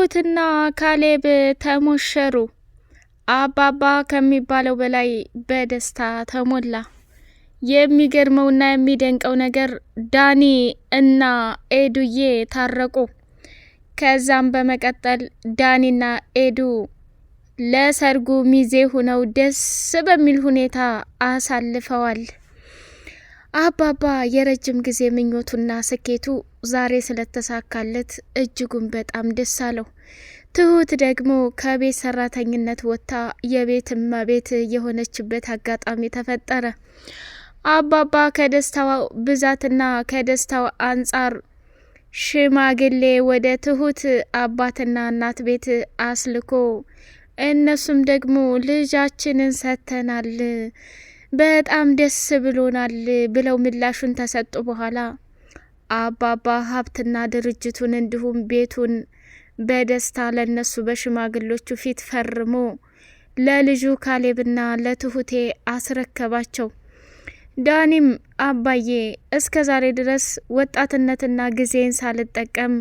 ትሁትና ካሌብ ተሞሸሩ። አባባ ከሚባለው በላይ በደስታ ተሞላ። የሚገርመውና የሚደንቀው ነገር ዳኒ እና ኤዱዬ ታረቁ። ከዛም በመቀጠል ዳኒና ኤዱ ለሰርጉ ሚዜ ሆነው ደስ በሚል ሁኔታ አሳልፈዋል። አባባ የረጅም ጊዜ ምኞቱና ስኬቱ ዛሬ ስለተሳካለት እጅጉን በጣም ደስ አለው። ትሁት ደግሞ ከቤት ሰራተኝነት ወጥታ የቤት እመቤት የሆነችበት አጋጣሚ ተፈጠረ። አባባ ከደስታው ብዛትና ከደስታው አንጻር ሽማግሌ ወደ ትሁት አባትና እናት ቤት አስልኮ እነሱም ደግሞ ልጃችንን ሰጥተናል፣ በጣም ደስ ብሎናል ብለው ምላሹን ተሰጡ በኋላ አባባ ሀብትና ድርጅቱን እንዲሁም ቤቱን በደስታ ለነሱ በሽማግሎቹ ፊት ፈርሞ ለልጁ ካሌብና ለትሁቴ አስረከባቸው። ዳኒም አባዬ እስከ ዛሬ ድረስ ወጣትነትና ጊዜን ሳልጠቀም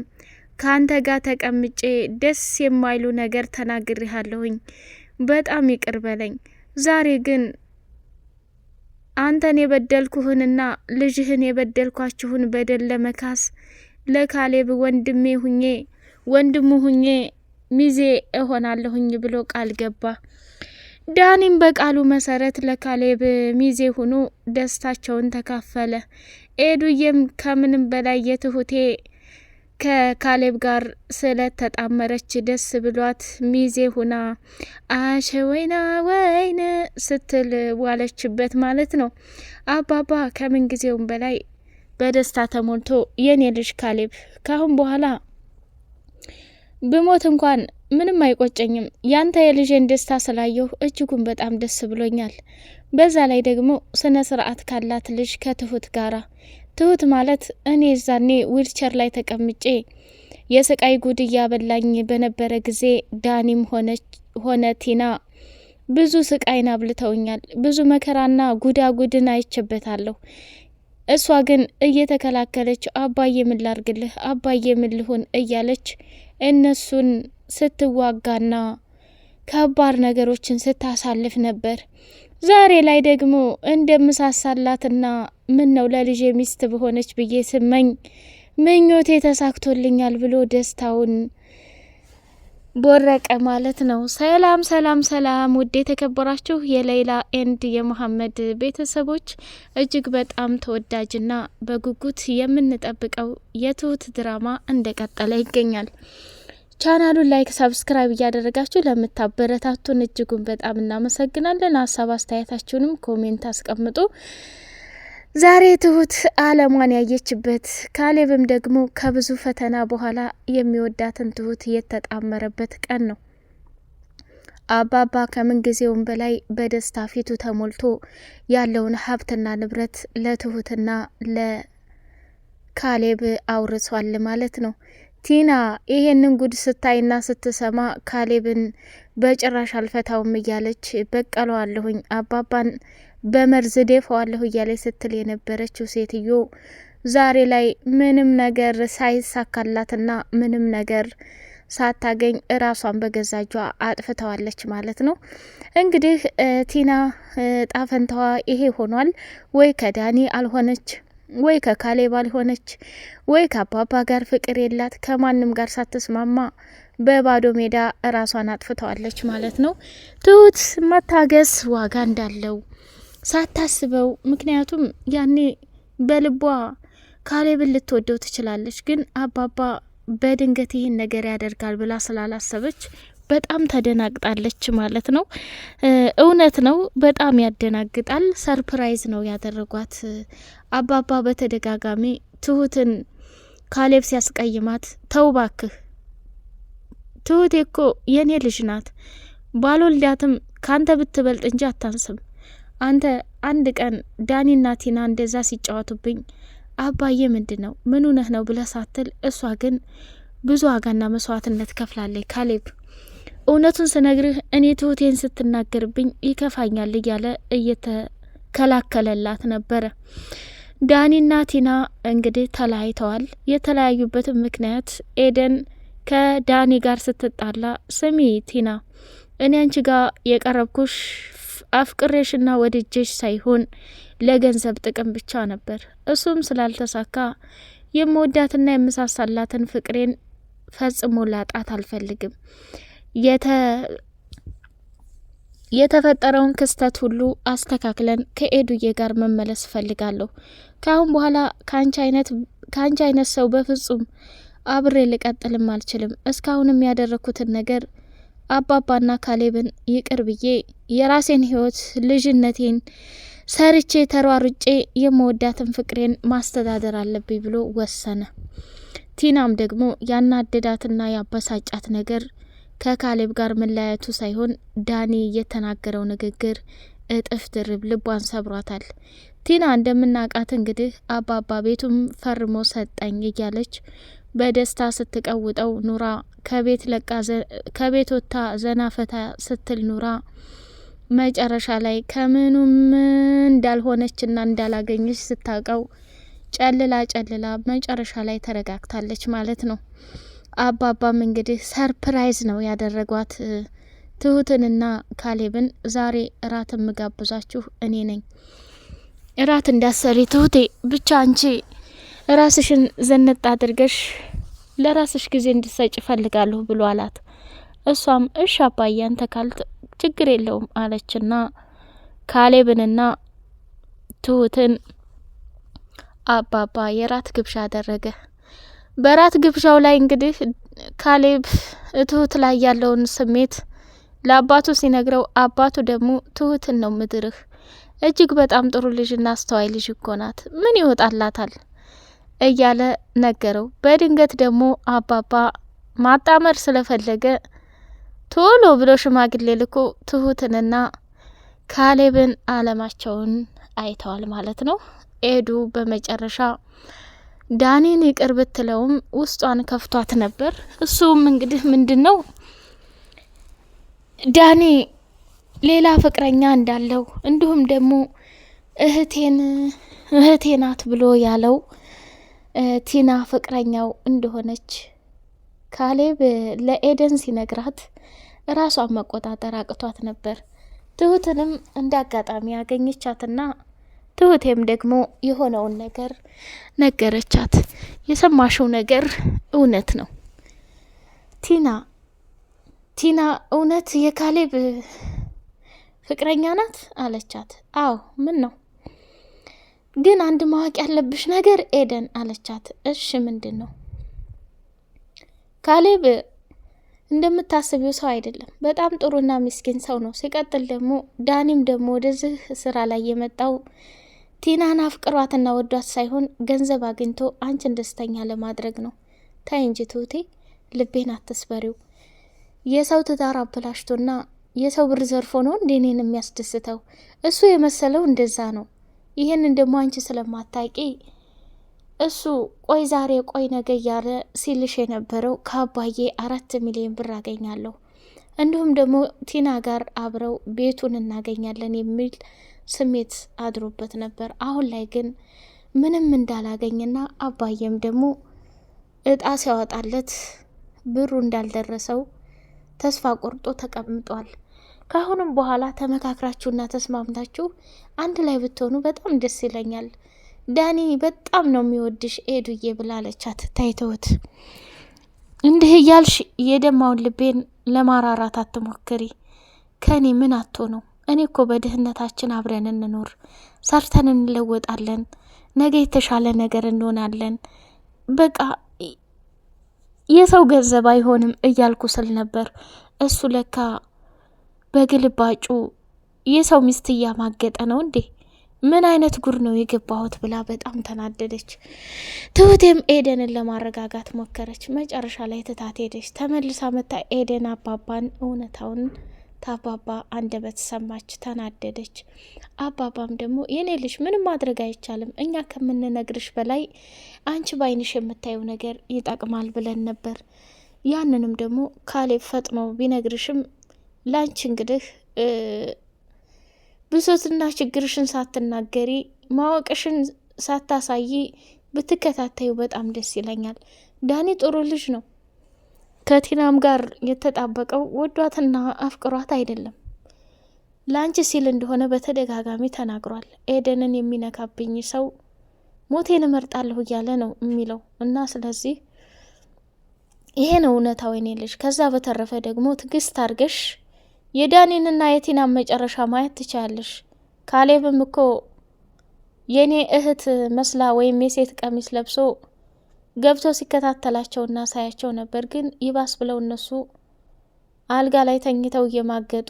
ከአንተ ጋር ተቀምጬ ደስ የማይሉ ነገር ተናግሬሃለሁኝ። በጣም ይቅር በለኝ። ዛሬ ግን አንተን የበደልኩህንና ልጅህን የበደልኳችሁን በደል ለመካስ ለካሌብ ወንድሜ ሁኜ ወንድሙ ሁኜ ሚዜ እሆናለሁኝ ብሎ ቃል ገባ። ዳኒም በቃሉ መሰረት ለካሌብ ሚዜ ሆኖ ደስታቸውን ተካፈለ። ኤዱዬም ከምንም በላይ የትሁቴ ከካሌብ ጋር ስለተጣመረች ደስ ብሏት ሚዜ ሁና አሸ ወይና ወይን ስትል ዋለችበት ማለት ነው። አባባ ጊዜውም በላይ በደስታ ተሞልቶ የኔ ልጅ ካሌብ ካሁን በኋላ ብሞት እንኳን ምንም አይቆጨኝም። ያንተ የልጄን ደስታ ስላየሁ እጅጉን በጣም ደስ ብሎኛል። በዛ ላይ ደግሞ ስነ ስርዓት ካላት ልጅ ከትሁት ጋራ ትሁት ማለት እኔ ዛኔ ዊልቸር ላይ ተቀምጬ የስቃይ ጉድ እያበላኝ በነበረ ጊዜ ዳኒም ሆነ ቲና ብዙ ስቃይን አብልተውኛል። ብዙ መከራና ጉዳጉድን አይቼበታለሁ። እሷ ግን እየተከላከለች አባዬ ምን ላርግልህ፣ አባዬ ምን ልሁን እያለች እነሱን ስትዋጋና ከባድ ነገሮችን ስታሳልፍ ነበር። ዛሬ ላይ ደግሞ እንደምሳሳላትና ምን ነው ለልጄ ሚስት በሆነች ብዬ ስመኝ ምኞቴ ተሳክቶልኛል ብሎ ደስታውን ቦረቀ ማለት ነው። ሰላም ሰላም ሰላም! ውድ የተከበራችሁ የሌይላ ኤንድ የመሀመድ ቤተሰቦች እጅግ በጣም ተወዳጅና በጉጉት የምንጠብቀው የትሁት ድራማ እንደቀጠለ ይገኛል። ቻናሉን ላይክ፣ ሰብስክራይብ እያደረጋችሁ ለምታበረታቱን እጅጉን በጣም እናመሰግናለን። ሀሳብ አስተያየታችሁንም ኮሜንት አስቀምጡ። ዛሬ ትሁት አለሟን ያየችበት ካሌብም ደግሞ ከብዙ ፈተና በኋላ የሚወዳትን ትሁት የተጣመረበት ቀን ነው። አባባ ከምን ጊዜውም በላይ በደስታ ፊቱ ተሞልቶ ያለውን ሀብትና ንብረት ለትሁትና ለካሌብ አውርሷል ማለት ነው። ቲና ይሄንን ጉድ ስታይና ስትሰማ ካሌብን በጭራሽ አልፈታውም እያለች በቀለዋለሁኝ አባባን በመርዝ ደፈዋለሁ እያለች ስትል የነበረችው ሴትዮ ዛሬ ላይ ምንም ነገር ሳይሳካላትና ምንም ነገር ሳታገኝ እራሷን በገዛ እጇ አጥፍተዋለች ማለት ነው። እንግዲህ ቲና ጣፈንታዋ ይሄ ሆኗል ወይ ከዳኒ አልሆነች ወይ ከካሌብ አልሆነች፣ ወይ ከአባባ ጋር ፍቅር የላት፣ ከማንም ጋር ሳትስማማ በባዶ ሜዳ እራሷን አጥፍተዋለች ማለት ነው። ትሁት መታገስ ዋጋ እንዳለው ሳታስበው፣ ምክንያቱም ያኔ በልቧ ካሌብን ልትወደው ትችላለች፣ ግን አባባ በድንገት ይህን ነገር ያደርጋል ብላ ስላላሰበች በጣም ተደናግጣለች ማለት ነው። እውነት ነው፣ በጣም ያደናግጣል። ሰርፕራይዝ ነው ያደረጓት። አባባ በተደጋጋሚ ትሁትን ካሌብ ሲያስቀይማት ተውባክህ ትሁቴ እኮ የእኔ ልጅ ናት፣ ባልወልዳትም ከአንተ ብትበልጥ እንጂ አታንስም። አንተ አንድ ቀን ዳኒና ቲና እንደዛ ሲጫወቱብኝ አባዬ ምንድን ነው ምን ነህ ነው ብለህ ሳትል እሷ ግን ብዙ ዋጋና መስዋዕትነት ከፍላለች ካሌብ እውነቱን ስነግርህ እኔ ትሁቴን ስትናገርብኝ ይከፋኛል እያለ እየተከላከለላት ነበረ። ዳኒና ቲና እንግዲህ ተለያይተዋል። የተለያዩበትም ምክንያት ኤደን ከዳኒ ጋር ስትጣላ ስሚ ቲና እኔ አንቺ ጋር የቀረብኩሽ አፍቅሬሽና ወድጄሽ ሳይሆን ለገንዘብ ጥቅም ብቻ ነበር። እሱም ስላልተሳካ የምወዳትና የምሳሳላትን ፍቅሬን ፈጽሞ ላጣት አልፈልግም። የተፈጠረውን ክስተት ሁሉ አስተካክለን ከኤዱዬ ጋር መመለስ እፈልጋለሁ። ከአሁን በኋላ ከአንቺ አይነት ሰው በፍጹም አብሬ ልቀጥልም አልችልም። እስካሁንም ያደረግኩትን ነገር አባባና ካሌብን ይቅር ብዬ የራሴን ህይወት ልጅነቴን ሰርቼ ተሯሩጬ የመወዳትን ፍቅሬን ማስተዳደር አለብኝ ብሎ ወሰነ። ቲናም ደግሞ ያናደዳትና ያበሳጫት ነገር ከካሌብ ጋር መለያየቱ ሳይሆን ዳኒ የተናገረው ንግግር እጥፍ ድርብ ልቧን ሰብሯታል። ቲና እንደምናውቃት እንግዲህ አባባ ቤቱም ፈርሞ ሰጠኝ እያለች በደስታ ስትቀውጠው ኑራ ከቤት ለቃ ከቤት ወጥታ ዘና ፈታ ስትል ኑራ መጨረሻ ላይ ከምኑም እንዳልሆነችና እንዳላገኘች ስታውቀው ጨልላ ጨልላ መጨረሻ ላይ ተረጋግታለች ማለት ነው። አባባም እንግዲህ ሰርፕራይዝ ነው ያደረጓት ትሁትንና ካሌብን። ዛሬ እራት የምጋብዛችሁ እኔ ነኝ። እራት እንዳሰሪ ትሁቴ፣ ብቻ አንቺ ራስሽን ዘነጣ አድርገሽ ለራስሽ ጊዜ እንድሰጭ እፈልጋለሁ ብሎ አላት። እሷም እሽ አባዬ አንተ ችግር የለውም አለችና ካሌብንና ትሁትን አባባ የራት ግብዣ አደረገ። በራት ግብዣው ላይ እንግዲህ ካሌብ ትሁት ላይ ያለውን ስሜት ለአባቱ ሲነግረው አባቱ ደግሞ ትሁትን ነው ምድርህ እጅግ በጣም ጥሩ ልጅና አስተዋይ ልጅ እኮ ናት፣ ምን ይወጣላታል እያለ ነገረው። በድንገት ደግሞ አባባ ማጣመር ስለፈለገ ቶሎ ብሎ ሽማግሌ ልኮ ትሁትንና ካሌብን አለማቸውን አይተዋል ማለት ነው። ኤዱ በመጨረሻ ዳኔን ይቅር ብትለውም ውስጧን ከፍቷት ነበር። እሱም እንግዲህ ምንድን ነው ዳኔ ሌላ ፍቅረኛ እንዳለው እንዲሁም ደግሞ እህቴን እህቴ ናት ብሎ ያለው ቲና ፍቅረኛው እንደሆነች ካሌብ ለኤደን ሲነግራት ራሷን መቆጣጠር አቅቷት ነበር። ትሁትንም እንደ አጋጣሚ ያገኘቻትና ትሁቴም ደግሞ የሆነውን ነገር ነገረቻት። የሰማሽው ነገር እውነት ነው ቲና ቲና እውነት የካሌብ ፍቅረኛ ናት አለቻት። አዎ ምን ነው ግን አንድ ማወቅ ያለብሽ ነገር ኤደን አለቻት። እሺ ምንድን ነው? ካሌብ እንደምታስቢው ሰው አይደለም። በጣም ጥሩና ምስኪን ሰው ነው። ሲቀጥል ደግሞ ዳኒም ደግሞ ወደዚህ ስራ ላይ የመጣው ቲናን አፍቅሯትና ወዷት ሳይሆን ገንዘብ አግኝቶ አንቺን ደስተኛ ለማድረግ ነው። ታይ እንጂ ትሁቴ፣ ልቤን አትስበሪው። የሰው ትዳር አበላሽቶና የሰው ብር ዘርፎ ነው እንዴኔን የሚያስደስተው እሱ የመሰለው እንደዛ ነው። ይህንን ደግሞ አንቺ ስለማታቂ እሱ ቆይ ዛሬ ቆይ ነገ እያለ ሲልሽ የነበረው ከአባዬ አራት ሚሊዮን ብር አገኛለሁ እንዲሁም ደግሞ ቲና ጋር አብረው ቤቱን እናገኛለን የሚል ስሜት አድሮበት ነበር። አሁን ላይ ግን ምንም እንዳላገኝና አባየም ደግሞ እጣ ሲያወጣለት ብሩ እንዳልደረሰው ተስፋ ቆርጦ ተቀምጧል። ከአሁንም በኋላ ተመካክራችሁና ተስማምታችሁ አንድ ላይ ብትሆኑ በጣም ደስ ይለኛል። ዳኒ በጣም ነው የሚወድሽ ኤዱዬ ብላለቻት ታይተውት እንዲህ እያልሽ የደማውን ልቤን ለማራራት አትሞክሪ። ከእኔ ምን አቶ ነው? እኔ እኮ በድህነታችን አብረን እንኖር፣ ሰርተን እንለወጣለን፣ ነገ የተሻለ ነገር እንሆናለን። በቃ የሰው ገንዘብ አይሆንም እያልኩ ስል ነበር። እሱ ለካ በግልባጩ የሰው ሚስት እያማገጠ ነው እንዴ? ምን አይነት ጉር ነው የገባሁት ብላ በጣም ተናደደች። ትሁቴም ኤደንን ለማረጋጋት ሞከረች። መጨረሻ ላይ ትታት ሄደች። ተመልሳ መታ ኤደን አባባን እውነታውን ታባባ አንደበት ሰማች፣ ተናደደች። አባባም ደግሞ የኔ ልጅ ምንም ማድረግ አይቻልም፣ እኛ ከምንነግርሽ በላይ አንቺ ባይንሽ የምታየው ነገር ይጠቅማል ብለን ነበር። ያንንም ደግሞ ካሌብ ፈጥኖ ቢነግርሽም ላንቺ እንግዲህ ብሶትና ችግርሽን ሳትናገሪ ማወቅሽን ሳታሳይ ብትከታተዩ በጣም ደስ ይለኛል። ዳኒ ጥሩ ልጅ ነው። ከቲናም ጋር የተጣበቀው ወዷትና አፍቅሯት አይደለም፣ ለአንቺ ሲል እንደሆነ በተደጋጋሚ ተናግሯል። ኤደንን የሚነካብኝ ሰው ሞቴን እመርጣለሁ እያለ ነው የሚለው እና ስለዚህ ይሄ ነው እውነታው የኔ ልጅ። ከዛ በተረፈ ደግሞ ትዕግስት አድርገሽ የዳኒንና የቲናን መጨረሻ ማየት ትችያለሽ። ካሌብም እኮ የእኔ እህት መስላ ወይም የሴት ቀሚስ ለብሶ ገብቶ ሲከታተላቸውና ሳያቸው ነበር። ግን ይባስ ብለው እነሱ አልጋ ላይ ተኝተው እየማገጡ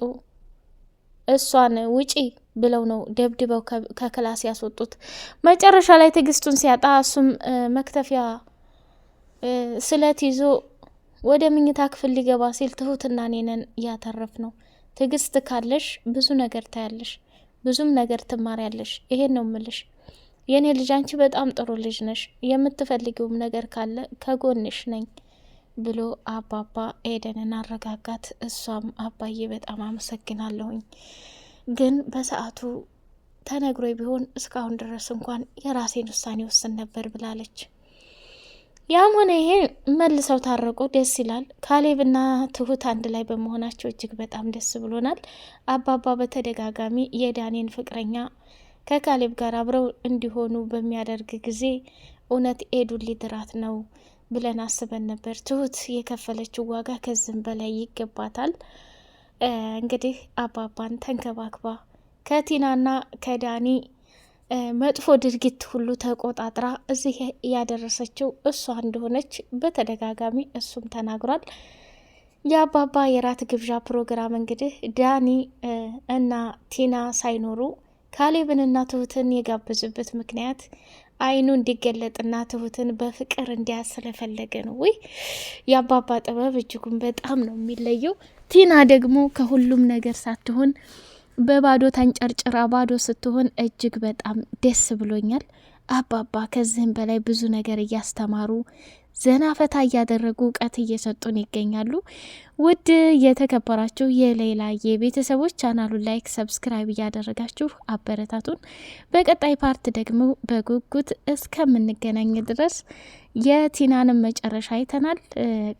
እሷን ውጪ ብለው ነው ደብድበው ከክላስ ያስወጡት። መጨረሻ ላይ ትዕግስቱን ሲያጣ እሱም መክተፊያ ስለት ይዞ ወደ ምኝታ ክፍል ሊገባ ሲል ትሁትና እኔ ነን እያተረፍ ነው። ትዕግስት ካለሽ ብዙ ነገር ታያለሽ፣ ብዙም ነገር ትማሪያለሽ። ይሄን ነው ምልሽ። የእኔ ልጅ አንቺ በጣም ጥሩ ልጅ ነሽ። የምትፈልጊውም ነገር ካለ ከጎንሽ ነኝ ብሎ አባባ ኤደንን አረጋጋት። እሷም አባዬ በጣም አመሰግናለሁኝ፣ ግን በሰዓቱ ተነግሮ ቢሆን እስካሁን ድረስ እንኳን የራሴን ውሳኔ ውስን ነበር ብላለች። ያም ሆነ ይሄ መልሰው ታረቁ፣ ደስ ይላል። ካሌብና ትሁት አንድ ላይ በመሆናቸው እጅግ በጣም ደስ ብሎናል። አባባ በተደጋጋሚ የዳኔን ፍቅረኛ ከካሌብ ጋር አብረው እንዲሆኑ በሚያደርግ ጊዜ እውነት ኤዱን ሊድራት ነው ብለን አስበን ነበር። ትሁት የከፈለችው ዋጋ ከዚህም በላይ ይገባታል። እንግዲህ አባባን ተንከባክባ ከቲናና ከዳኒ መጥፎ ድርጊት ሁሉ ተቆጣጥራ እዚህ ያደረሰችው እሷ እንደሆነች በተደጋጋሚ እሱም ተናግሯል። የአባባ የራት ግብዣ ፕሮግራም እንግዲህ ዳኒ እና ቲና ሳይኖሩ ካሌብንና ትሁትን የጋበዙበት ምክንያት አይኑ እንዲገለጥና ትሁትን በፍቅር እንዲያዝ ስለፈለገ ነው። ወይ የአባባ ጥበብ እጅጉን በጣም ነው የሚለየው። ቲና ደግሞ ከሁሉም ነገር ሳትሆን በባዶ ተንጨርጭራ ባዶ ስትሆን እጅግ በጣም ደስ ብሎኛል። አባባ ከዚህም በላይ ብዙ ነገር እያስተማሩ ዘና ፈታ እያደረጉ እውቀት እየሰጡን ይገኛሉ። ውድ የተከበራችሁ የሌላ የቤተሰቦች ቻናሉን ላይክ፣ ሰብስክራይብ እያደረጋችሁ አበረታቱን። በቀጣይ ፓርት ደግሞ በጉጉት እስከምንገናኝ ድረስ የቲናንም መጨረሻ አይተናል።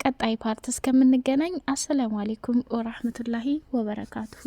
ቀጣይ ፓርት እስከምንገናኝ አሰላሙ አሌይኩም ወራህመቱላሂ ወበረካቱሁ።